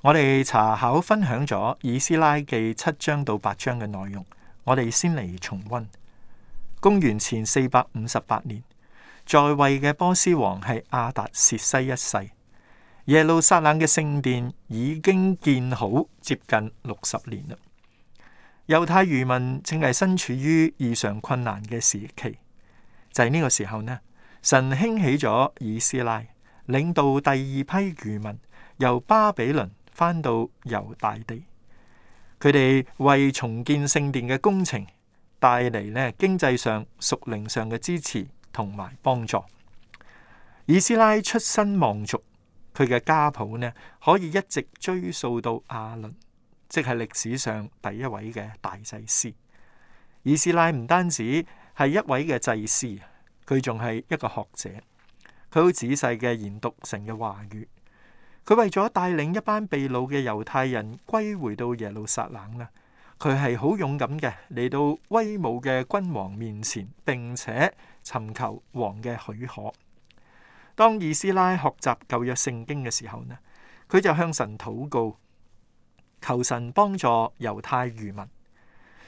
我哋查考分享咗《以斯拉記》七章到八章嘅內容，我哋先嚟重溫。公元前四百五十八年，在位嘅波斯王係亞達薛西一世。耶路撒冷嘅聖殿已經建好接近六十年啦。猶太漁民正係身處於異常困難嘅時期，就喺、是、呢個時候呢，神興起咗以斯拉，領導第二批漁民由巴比倫，翻到猶大地，佢哋為重建聖殿嘅工程帶嚟咧經濟上、屬靈上嘅支持同埋幫助。以斯拉出身望族，佢嘅家譜呢可以一直追溯到亞倫，即係歷史上第一位嘅大祭司。以斯拉唔單止係一位嘅祭司，佢仲係一個學者，佢好仔細嘅研讀神嘅話語。佢為咗帶領一班被擄嘅猶太人歸回到耶路撒冷啦，佢係好勇敢嘅，嚟到威武嘅君王面前，並且尋求王嘅許可。當以斯拉學習舊約聖經嘅時候呢，佢就向神禱告，求神幫助猶太漁民。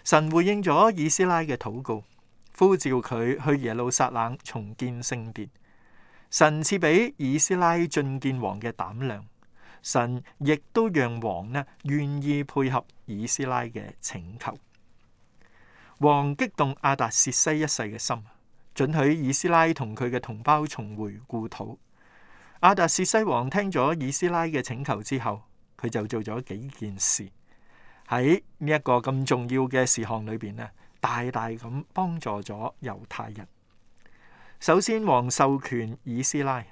神回應咗以斯拉嘅禱告，呼召佢去耶路撒冷重建聖殿。神賜俾以斯拉覲見王嘅膽量。神亦都讓王呢願意配合以斯拉嘅請求，王激動阿達薛西一世嘅心，准許以斯拉同佢嘅同胞重回故土。阿達薛西王聽咗以斯拉嘅請求之後，佢就做咗幾件事，喺呢一個咁重要嘅事項裏邊呢，大大咁幫助咗猶太人。首先，王授權以斯拉。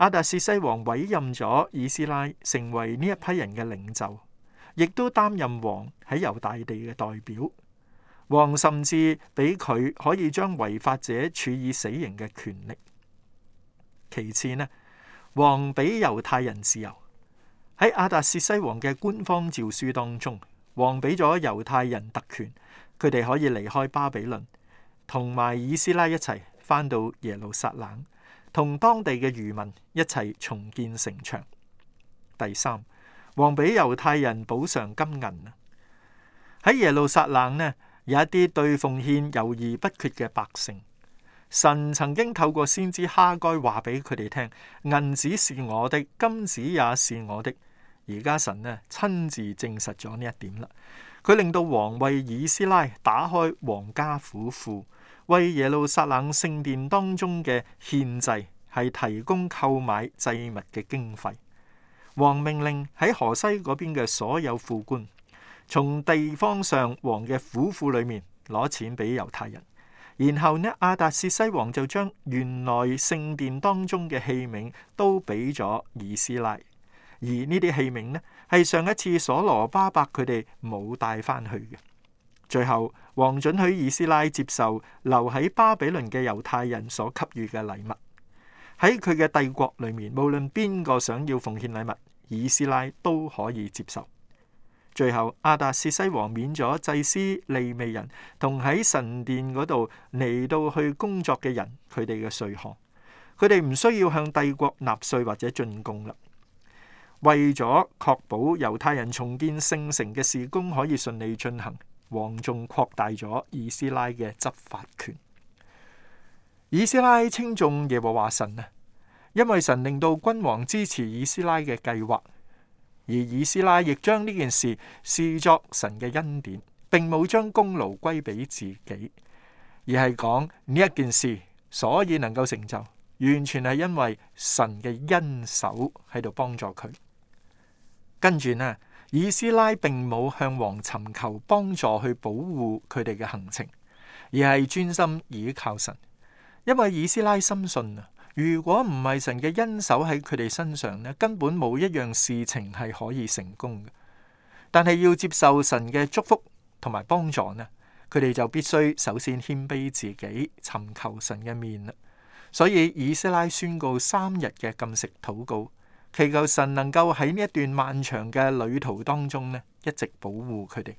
阿達薛西王委任咗以斯拉成為呢一批人嘅領袖，亦都擔任王喺猶大地嘅代表。王甚至俾佢可以將違法者處以死刑嘅權力。其次呢，王俾猶太人自由。喺阿達薛西王嘅官方詔書當中，王俾咗猶太人特權，佢哋可以離開巴比倫，同埋以斯拉一齊返到耶路撒冷。同當地嘅漁民一齊重建城牆。第三，王俾猶太人補償金銀。喺耶路撒冷呢，有一啲對奉獻猶豫不決嘅百姓，神曾經透過先知哈該話俾佢哋聽，銀子是我的，金子也是我的。而家神呢，親自證實咗呢一點啦。佢令到王為以斯拉打開皇家府庫。為耶路撒冷聖殿當中嘅獻祭係提供購買祭物嘅經費。王命令喺河西嗰邊嘅所有副官，從地方上王嘅府庫裏面攞錢俾猶太人。然後呢，亞達薛西王就將原來聖殿當中嘅器皿都俾咗以斯拉。而呢啲器皿呢，係上一次所羅巴伯佢哋冇帶翻去嘅。最後，王准許以斯拉接受留喺巴比倫嘅猶太人所給予嘅禮物。喺佢嘅帝國裏面，無論邊個想要奉獻禮物，以斯拉都可以接受。最後，阿達薛西王免咗祭司、利未人同喺神殿嗰度嚟到去工作嘅人，佢哋嘅稅項，佢哋唔需要向帝國納稅或者進貢啦，為咗確保猶太人重建聖城嘅事工可以順利進行。王仲擴大咗以斯拉嘅執法權。以斯拉稱頌耶和華神啊，因為神令到君王支持以斯拉嘅計劃，而以斯拉亦將呢件事視作神嘅恩典，並冇將功勞歸俾自己，而係講呢一件事所以能夠成就，完全係因為神嘅恩手喺度幫助佢。跟住呢？以斯拉並冇向王尋求幫助去保護佢哋嘅行程，而係專心倚靠神，因為以斯拉深信啊，如果唔係神嘅恩手喺佢哋身上咧，根本冇一樣事情係可以成功嘅。但係要接受神嘅祝福同埋幫助呢，佢哋就必須首先謙卑自己，尋求神嘅面啦。所以以斯拉宣告三日嘅禁食禱告。祈求神能夠喺呢一段漫長嘅旅途當中咧，一直保護佢哋。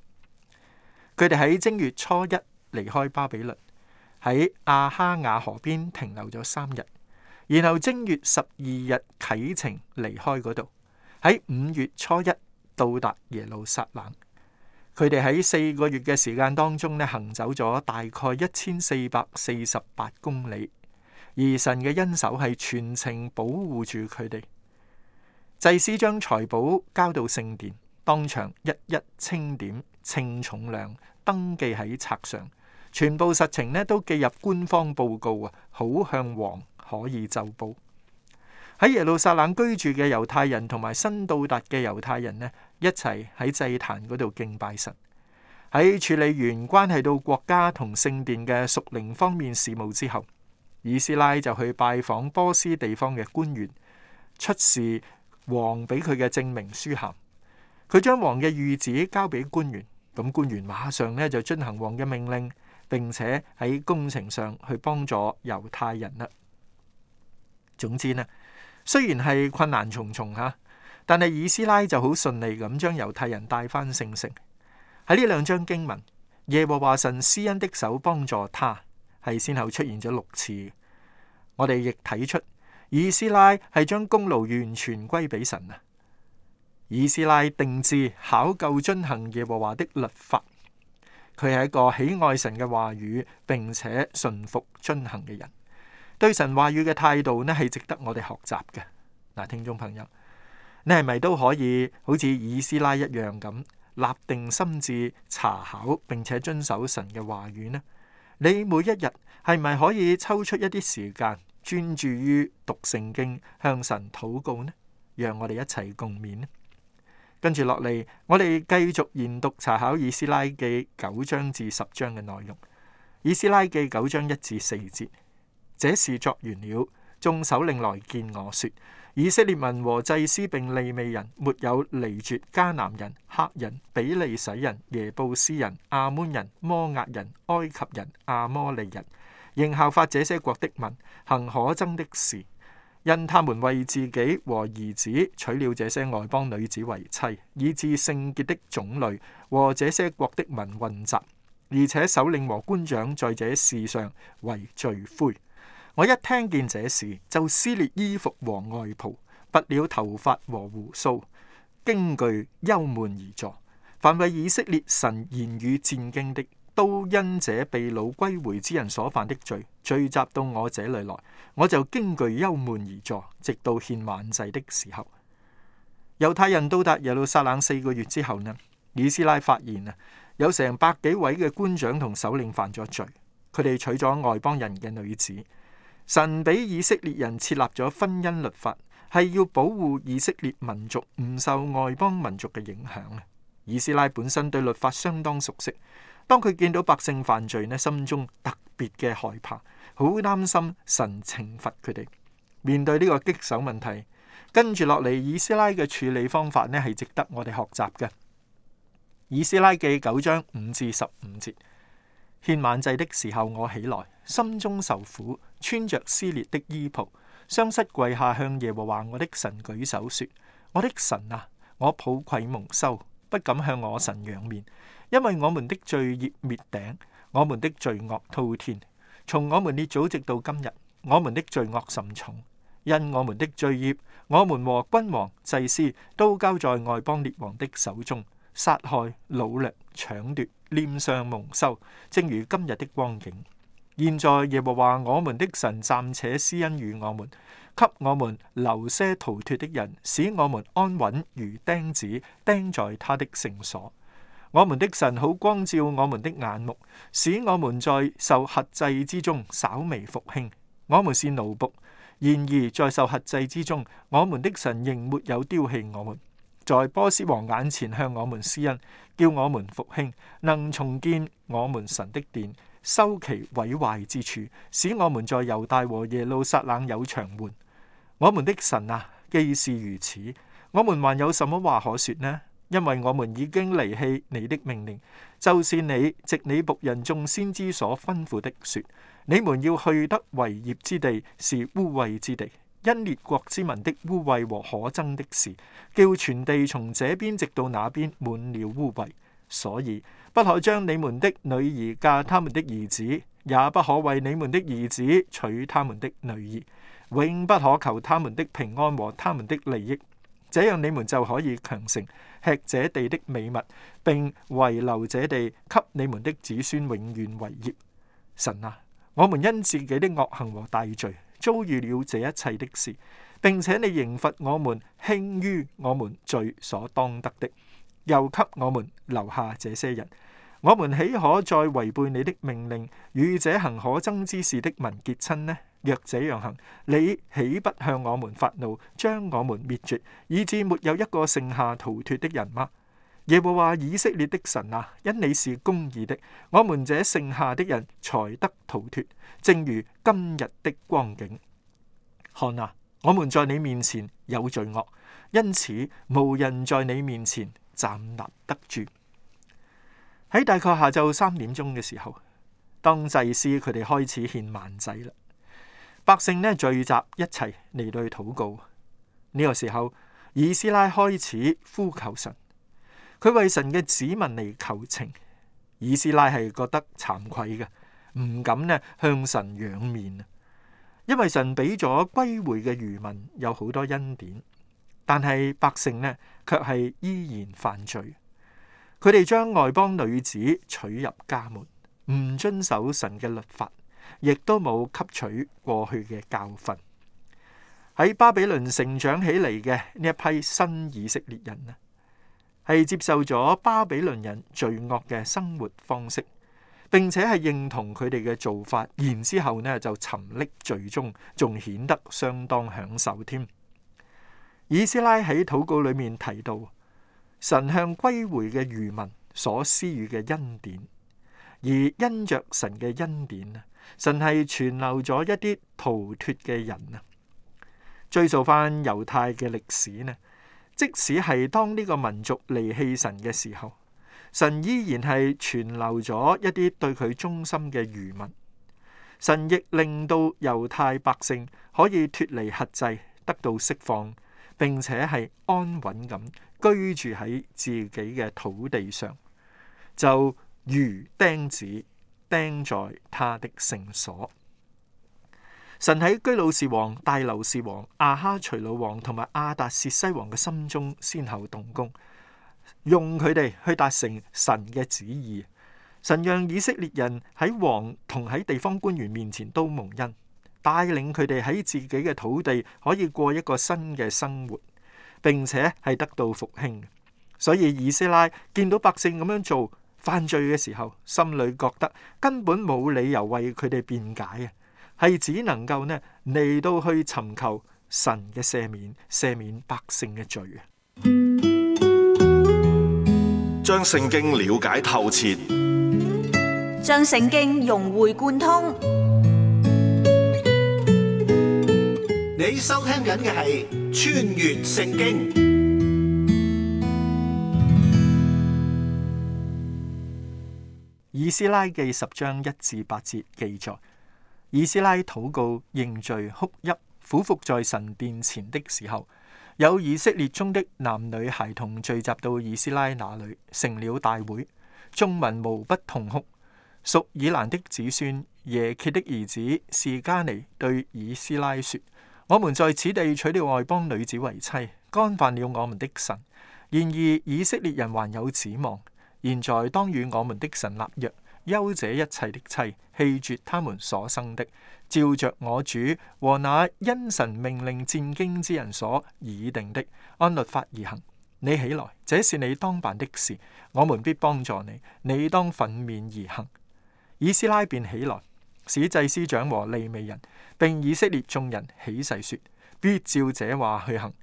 佢哋喺正月初一離開巴比倫，喺阿哈亞河邊停留咗三日，然後正月十二日啟程離開嗰度。喺五月初一到達耶路撒冷。佢哋喺四個月嘅時間當中咧，行走咗大概一千四百四十八公里，而神嘅恩手係全程保護住佢哋。祭司將財寶交到聖殿，當場一一清點、稱重量、登記喺冊上，全部實情咧都記入官方報告啊，好向王可以奏報。喺耶路撒冷居住嘅猶太人同埋新到達嘅猶太人呢，一齊喺祭壇嗰度敬拜神。喺處理完關係到國家同聖殿嘅屬靈方面事務之後，以斯拉就去拜訪波斯地方嘅官員，出示。王俾佢嘅證明書函，佢將王嘅諭旨交俾官員，咁官員馬上咧就遵行王嘅命令，並且喺工程上去幫助猶太人啦。總之呢，雖然係困難重重吓，但係以斯拉就好順利咁將猶太人帶返聖城。喺呢兩章經文，耶和華神施恩的手幫助他，係先後出現咗六次。我哋亦睇出。以斯拉係將功勞完全歸俾神啊！以斯拉定志考究遵行耶和華的律法，佢係一個喜愛神嘅話語，並且順服遵行嘅人。對神話語嘅態度呢，係值得我哋學習嘅。嗱，聽眾朋友，你係咪都可以好似以斯拉一樣咁立定心志查考，並且遵守神嘅話語呢？你每一日係咪可以抽出一啲時間？專注於讀聖經，向神禱告呢，讓我哋一齊共勉。跟住落嚟，我哋繼續研讀查考以斯拉記九章至十章嘅內容。以斯拉記九章一至四節，這事作完了，眾首領來見我說：以色列民和祭司並利未人沒有離絕迦南人、黑人、比利洗人、耶布斯人、亞捫人、摩押人、埃及人、亞摩利人。仍效法這些國的民行可憎的事，因他們為自己和兒子娶了這些外邦女子為妻，以致聖潔的種類和這些國的民混雜，而且首領和官長在這事上為罪魁。我一聽見這事，就撕裂衣服和外袍，拔了頭髮和鬍鬚，驚懼憂悶而坐，凡為以色列神言語戰驚的，都因這被擄歸回之人所犯的罪聚集到我這裏來，我就驚懼憂悶而坐，直到獻萬祭的時候。猶太人到達耶路撒冷四個月之後呢，以斯拉發現啊，有成百幾位嘅官長同首領犯咗罪，佢哋娶咗外邦人嘅女子。神俾以色列人設立咗婚姻律法，係要保護以色列民族唔受外邦民族嘅影響啊。以斯拉本身對律法相當熟悉。當佢見到百姓犯罪呢，心中特別嘅害怕，好擔心神懲罰佢哋。面對呢個棘手問題，跟住落嚟以斯拉嘅處理方法呢係值得我哋學習嘅。以斯拉記九章五至十五節，獻晚祭的時候，我起來，心中受苦，穿着撕裂的衣袍，雙膝跪下向耶和華我的神舉手說：我的神啊，我抱愧蒙羞，羞，不敢向我神仰面。因為我們的罪孽滅頂，我們的罪惡滔天，從我們列祖直到今日，我們的罪惡甚重。因我們的罪孽，我們和君王祭司都交在外邦列王的手中，殺害、擄掠、搶奪、臉上蒙羞，正如今日的光景。現在耶和華我們的神暫且施恩與我們，給我們留些逃脱的人，使我們安穩，如釘子釘在他的聖所。我們的神好光照我們的眼目，使我們在受轄制之中稍微復興。我們是奴僕，然而在受轄制之中，我們的神仍沒有丟棄我們，在波斯王眼前向我們施恩，叫我們復興，能重建我們神的殿，修其毀壞之處，使我們在猶大和耶路撒冷有牆垣。我們的神啊，既是如此，我們還有什麼話可說呢？因為我們已經離棄你的命令，就是你藉你僕人眾先知所吩咐的說：你們要去得為業之地是污穢之地，因列國之民的污穢和可憎的事，叫全地從這邊直到那邊滿了污穢。所以不可將你們的女兒嫁他們的兒子，也不可為你們的兒子娶他們的女兒，永不可求他們的平安和他們的利益。這樣你們就可以強盛，吃這地的美物，並遺留這地給你們的子孫永遠為業。神啊，我們因自己的惡行和大罪，遭遇了這一切的事，並且你刑罰我們，輕於我們罪所當得的，又給我們留下這些人，我們豈可再違背你的命令，與這行可憎之事的民結親呢？若這樣行，你豈不向我們發怒，將我們滅絕，以致沒有一個剩下逃脫的人嗎？耶和華以色列的神啊，因你是公義的，我們這剩下的人才得逃脫，正如今日的光景。看啊，我們在你面前有罪惡，因此無人在你面前站立得住。喺大概下晝三點鐘嘅時候，當祭司佢哋開始獻晚祭啦。百姓咧聚集一齊嚟到去禱告，呢、這個時候，以斯拉開始呼求神，佢為神嘅子民嚟求情。以斯拉係覺得慚愧嘅，唔敢咧向神仰面，因為神俾咗歸回嘅餘民有好多恩典，但係百姓咧卻係依然犯罪，佢哋將外邦女子娶入家門，唔遵守神嘅律法。亦都冇吸取過去嘅教訓，喺巴比倫成長起嚟嘅呢一批新以色列人呢，係接受咗巴比倫人罪惡嘅生活方式，並且係認同佢哋嘅做法，然之後呢就沉溺罪中，仲顯得相當享受添。以斯拉喺禱告裏面提到，神向歸回嘅餘民所施予嘅恩典，而因着神嘅恩典呢，神係存留咗一啲逃脫嘅人啊！追溯翻猶太嘅歷史呢，即使係當呢個民族離棄神嘅時候，神依然係存留咗一啲對佢忠心嘅餘民。神亦令到猶太百姓可以脫離轄制，得到釋放，並且係安穩咁居住喺自己嘅土地上，就如釘子。釘在他的聖所。神喺居魯士王、大流士王、亞哈隨魯王同埋亞達薛西王嘅心中先後動工，用佢哋去達成神嘅旨意。神讓以色列人喺王同喺地方官員面前都蒙恩，帶領佢哋喺自己嘅土地可以過一個新嘅生活，並且係得到復興。所以以斯拉見到百姓咁樣做，犯罪嘅時候，心裏覺得根本冇理由為佢哋辯解啊，係只能夠呢嚟，到去尋求神嘅赦免，赦免百姓嘅罪啊！將聖經了解透徹，將聖經融會貫通。貫通你收聽緊嘅係《穿越聖經》。以斯拉記十章一至八節記載，以斯拉禱告認罪、哭泣、俯伏在神殿前的時候，有以色列中的男女孩童聚集到以斯拉那裏，成了大會，眾民無不痛哭。屬以蘭的子孫、耶怯的兒子示加尼對以斯拉說：我們在此地娶了外邦女子為妻，干犯了我們的神。然而以，以色列人還有指望，現在當與我們的神立約。休這一切的妻，棄絕他們所生的，照着我主和那因神命令戰兢之人所議定的，按律法而行。你起來，這是你當辦的事，我們必幫助你。你當奮勉而行。以斯拉便起來，使祭司長和利未人，並以色列眾人起誓說，必照這話去行。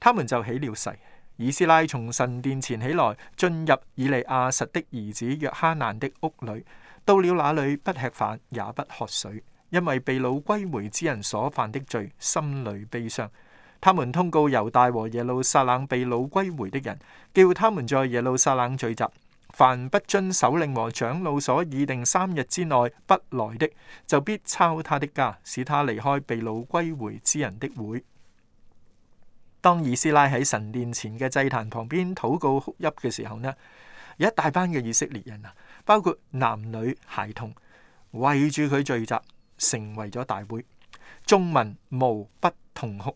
他們就起了誓。以斯拉從神殿前起來，進入以利亞實的兒子約哈難的屋裏，到了那裏不吃飯也不喝水，因為被擄歸回之人所犯的罪，心裏悲傷。他們通告猶大和耶路撒冷被擄歸回的人，叫他們在耶路撒冷聚集。凡不遵首領和長老所擬定三日之內不來的，就必抄他的家，使他離開被擄歸回之人的會。當以斯拉喺神殿前嘅祭壇旁邊禱告哭泣嘅時候，呢有一大班嘅以色列人啊，包括男女孩童，圍住佢聚集，成為咗大會，眾民無不痛哭。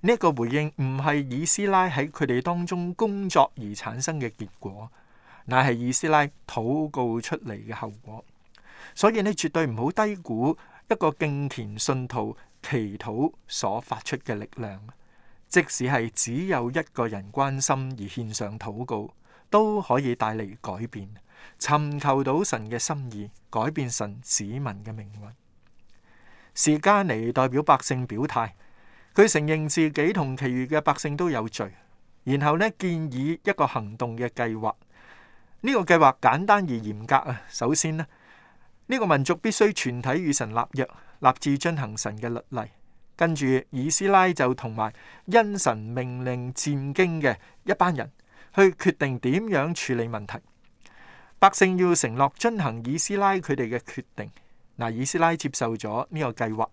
呢一個回應唔係以斯拉喺佢哋當中工作而產生嘅結果，乃係以斯拉禱告出嚟嘅後果。所以你絕對唔好低估一個敬虔信徒祈禱所發出嘅力量。即使係只有一個人關心而獻上禱告，都可以帶嚟改變，尋求到神嘅心意，改變神子民嘅命運。示迦尼代表百姓表態，佢承認自己同其餘嘅百姓都有罪，然後咧建議一個行動嘅計劃。呢、這個計劃簡單而嚴格啊！首先咧，呢、這個民族必須全體與神立約，立志遵行神嘅律例。跟住，以斯拉就同埋因神命令戰兢嘅一班人，去決定點樣處理問題。百姓要承諾遵行以斯拉佢哋嘅決定。嗱，以斯拉接受咗呢個計劃，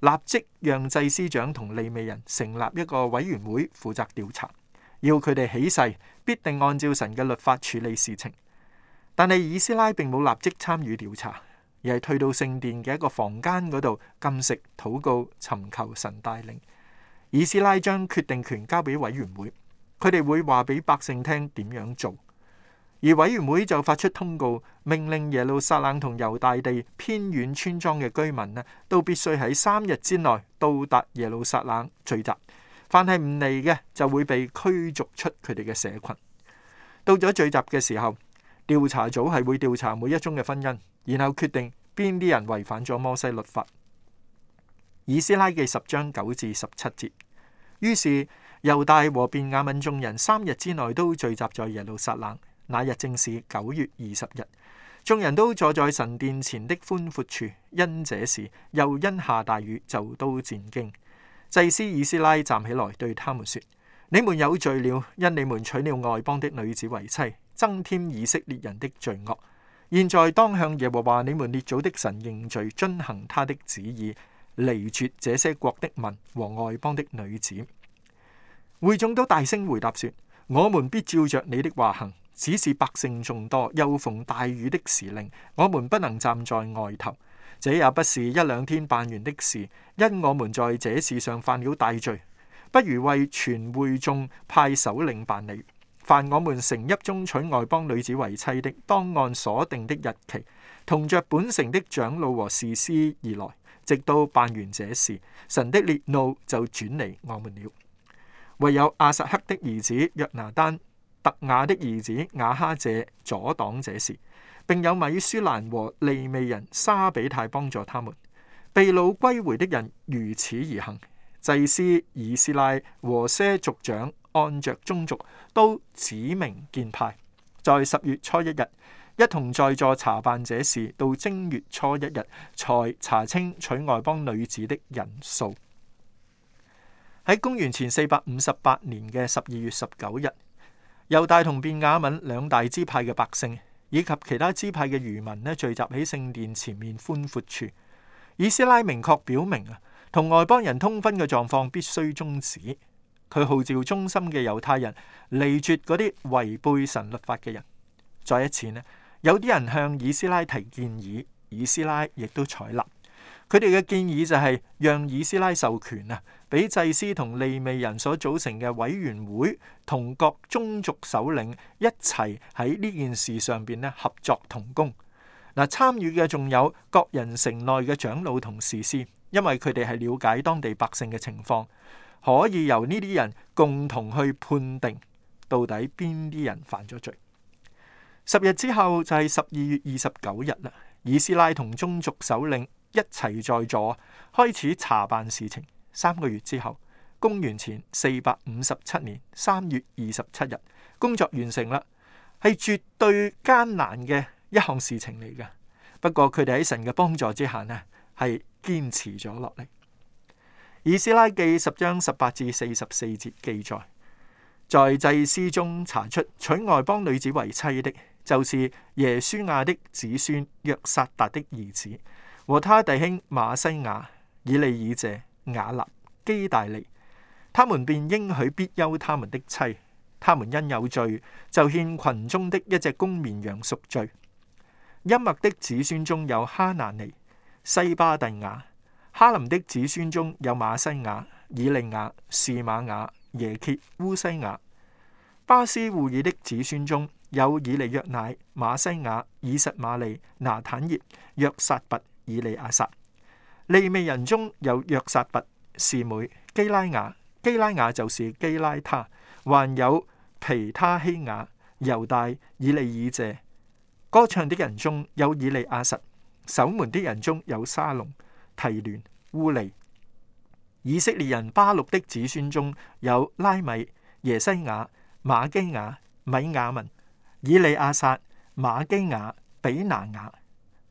立即讓祭司長同利未人成立一個委員會負責調查，要佢哋起誓必定按照神嘅律法處理事情。但係以斯拉並冇立即參與調查。而係退到聖殿嘅一個房間嗰度，禁食禱告，尋求神帶領。以斯拉將決定權交俾委員會，佢哋會話俾百姓聽點樣做，而委員會就發出通告，命令耶路撒冷同猶大地偏遠村莊嘅居民咧，都必須喺三日之內到達耶路撒冷聚集。凡係唔嚟嘅，就會被驅逐出佢哋嘅社群。到咗聚集嘅時候。調查組係會調查每一宗嘅婚姻，然後決定邊啲人違反咗摩西律法。以斯拉嘅十章九至十七節，於是猶大和便雅憫眾人三日之內都聚集在耶路撒冷，那日正是九月二十日。眾人都坐在神殿前的寬闊處，因這事又因下大雨，就都戰驚。祭司以斯拉站起來對他們說：你們有罪了，因你們娶了外邦的女子為妻。增添以色列人的罪惡。現在當向耶和華你們列祖的神認罪，遵行他的旨意，離絕這些國的民和外邦的女子。會眾都大聲回答說：我們必照着你的話行。只是百姓眾多，又逢大雨的時令，我們不能站在外頭。這也不是一兩天辦完的事，因我們在這事上犯了大罪。不如為全會眾派首領辦理。犯我們城一宗取外邦女子為妻的，當案所定的日期，同着本城的長老和士師而來，直到辦完這事，神的列怒就轉嚟我們了。唯有阿實克的兒子約拿丹、特雅的兒子雅哈謝阻擋這事，並有米舒蘭和利未人沙比太幫助他們，被擄歸回，回的人如此而行，祭司以斯拉和些族長。按着宗族都指名見派，在十月初一日一同在座查辦這事，到正月初一日才查清娶外邦女子的人數。喺公元前四百五十八年嘅十二月十九日，猶大同便雅憫兩大支派嘅百姓以及其他支派嘅漁民咧，聚集喺聖殿前面寬闊處，以斯拉明確表明啊，同外邦人通婚嘅狀況必須終止。佢號召中心嘅猶太人離絕嗰啲違背神律法嘅人。再一次咧，有啲人向以斯拉提建議，以斯拉亦都採納。佢哋嘅建議就係讓以斯拉授權啊，俾祭司同利未人所組成嘅委員會同各宗族首領一齊喺呢件事上邊咧合作同工。嗱，參與嘅仲有各人城內嘅長老同士師，因為佢哋係了解當地百姓嘅情況。可以由呢啲人共同去判定到底邊啲人犯咗罪。十日之後就係十二月二十九日啦。以斯拉同宗族首領一齊在座，開始查辦事情。三個月之後，公元前四百五十七年三月二十七日，工作完成啦。係絕對艱難嘅一項事情嚟㗎。不過，佢哋喺神嘅幫助之下呢，係堅持咗落嚟。以斯拉記十章十八至四十四節記載，在祭司中查出娶外邦女子為妻的，就是耶書亞的子孫約薩達的兒子，和他弟兄馬西亞、以利以謝、雅立、基大利，他們便應許必休他們的妻。他們因有罪，就獻群中的一隻公綿羊贖罪。音麥的子孫中有哈拿尼、西巴第雅。哈林的子孫中有馬西亞、以利亞、士瑪雅、耶歇、烏西亞；巴斯戶爾的子孫中有以利約乃、馬西亞、以實瑪利、拿坦業、約撒拔、以利亞薩。利未人中有約撒拔、士妹、基拉雅，基拉雅就是基拉他，還有皮他希雅、猶大、以利以謝。歌唱的人中有以利亞實，守門的人中有沙龍。提聯烏利，以色列人巴錄的子孫中有拉米、耶西亞、瑪基雅、米亞文、以利亞撒、瑪基雅、比拿雅；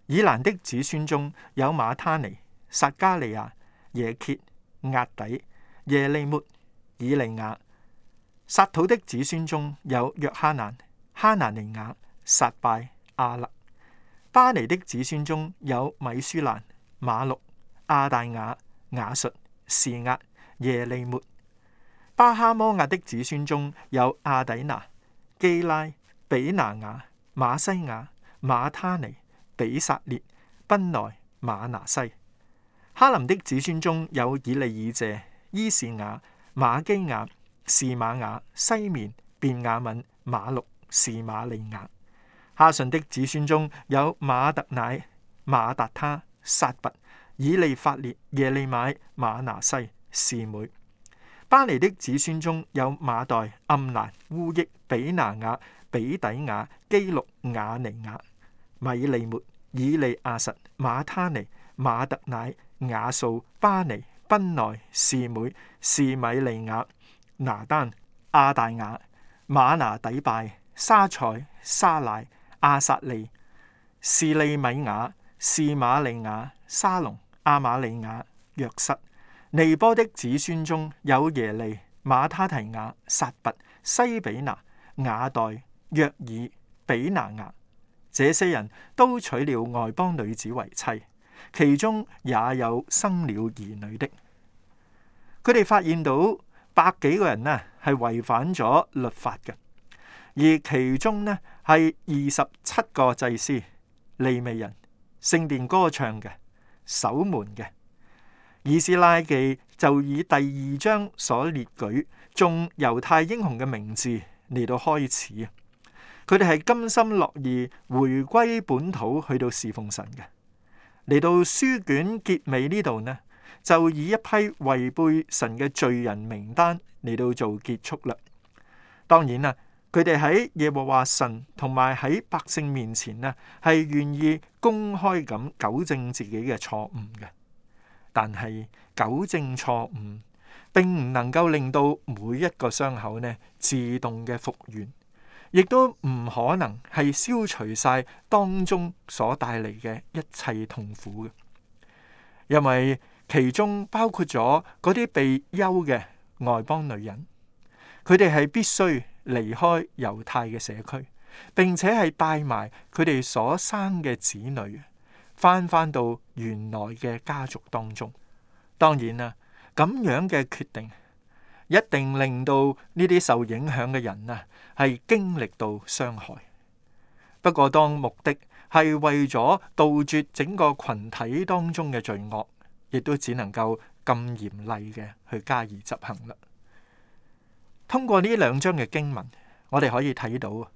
以蘭的子孫中有馬他尼、撒加利亞、耶歇、押底、耶利末、以利雅；撒土的子孫中有約哈難、哈拿尼雅、撒拜、阿勒；巴尼的子孫中有米舒蘭、馬錄。亞大雅、雅述、士亞、耶利末、巴哈摩亞的子孫中有阿底拿、基拉、比拿雅、馬西亞、馬他尼、比撒列、賓內、馬拿西。哈林的子孫中有以利以謝、伊士雅、馬基雅、士瑪雅、西緬、便雅憫、馬錄、士瑪利亞。哈順的子孫中有馬特乃、馬達他、撒拔。以利法列、耶利買、馬拿西、士妹。巴尼的子孫中有馬代、暗蘭、烏益、比拿雅、比底雅、基錄、雅尼雅、米利末、以利亞實、馬他尼、馬特乃、雅素、巴尼、賓內、士妹、士米利雅、拿丹、亞大雅、馬拿底拜、沙塞、沙賴、亞薩利、士利米亞、士瑪利亞、沙龍。阿瑪利亞、約瑟、尼波的子孫中有耶利、馬他提亞、撒拔、西比拿、雅代、約爾、比拿雅，這些人都娶了外邦女子為妻,其中也有生了兒女的。佢哋發現到百幾個人呢，係違反咗律法嘅，而其中呢係二十七個祭司、利未人、聖殿歌唱嘅。守門嘅，以斯拉記就以第二章所列舉眾猶太英雄嘅名字嚟到開始啊，佢哋係甘心樂意回歸本土去到侍奉神嘅。嚟到書卷結尾呢度呢，就以一批違背神嘅罪人名單嚟到做結束啦。當然啦，啊。佢哋喺耶和華神同埋喺百姓面前呢，係願意公開咁糾正自己嘅錯誤嘅。但係糾正錯誤，並唔能夠令到每一個傷口呢自動嘅復原，亦都唔可能係消除晒當中所帶嚟嘅一切痛苦嘅，因為其中包括咗嗰啲被休嘅外邦女人，佢哋係必須。離開猶太嘅社區，並且係帶埋佢哋所生嘅子女，翻翻到原來嘅家族當中。當然啦、啊，咁樣嘅決定一定令到呢啲受影響嘅人啊，係經歷到傷害。不過，當目的係為咗杜絕整個群體當中嘅罪惡，亦都只能夠咁嚴厲嘅去加以執行啦。通過呢兩章嘅經文，我哋可以睇到啊，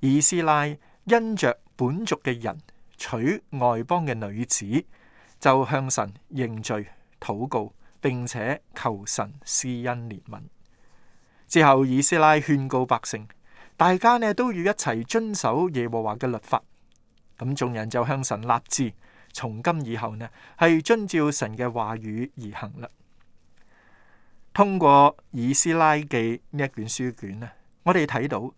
以斯拉因着本族嘅人娶外邦嘅女子，就向神認罪、禱告，並且求神施恩憐憫。之後，以斯拉勸告百姓，大家呢都要一齊遵守耶和華嘅律法。咁眾人就向神立志，從今以後呢係遵照神嘅話語而行嘞。通過以斯拉記呢一卷書卷呢，我哋睇到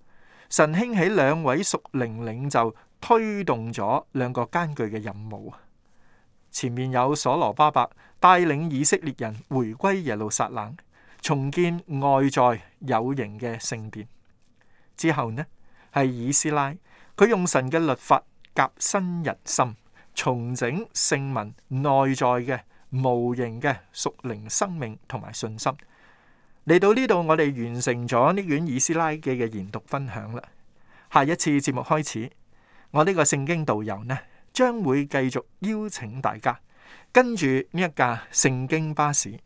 神興起兩位屬靈領袖，推動咗兩個艱巨嘅任務。前面有所羅巴伯帶領以色列人回歸耶路撒冷，重建外在有形嘅聖殿。之後呢，係以斯拉，佢用神嘅律法夾新人心，重整聖民內在嘅。無形嘅屬靈生命同埋信心。嚟到呢度，我哋完成咗呢卷以斯拉記嘅研讀分享啦。下一次節目開始，我呢個聖經導遊呢，將會繼續邀請大家跟住呢一架聖經巴士，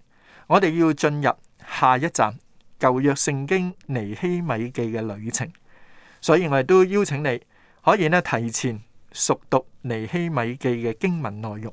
我哋要進入下一站舊約聖經尼希米記嘅旅程。所以，我哋都要邀請你可以呢提前熟讀尼希米記嘅經文內容。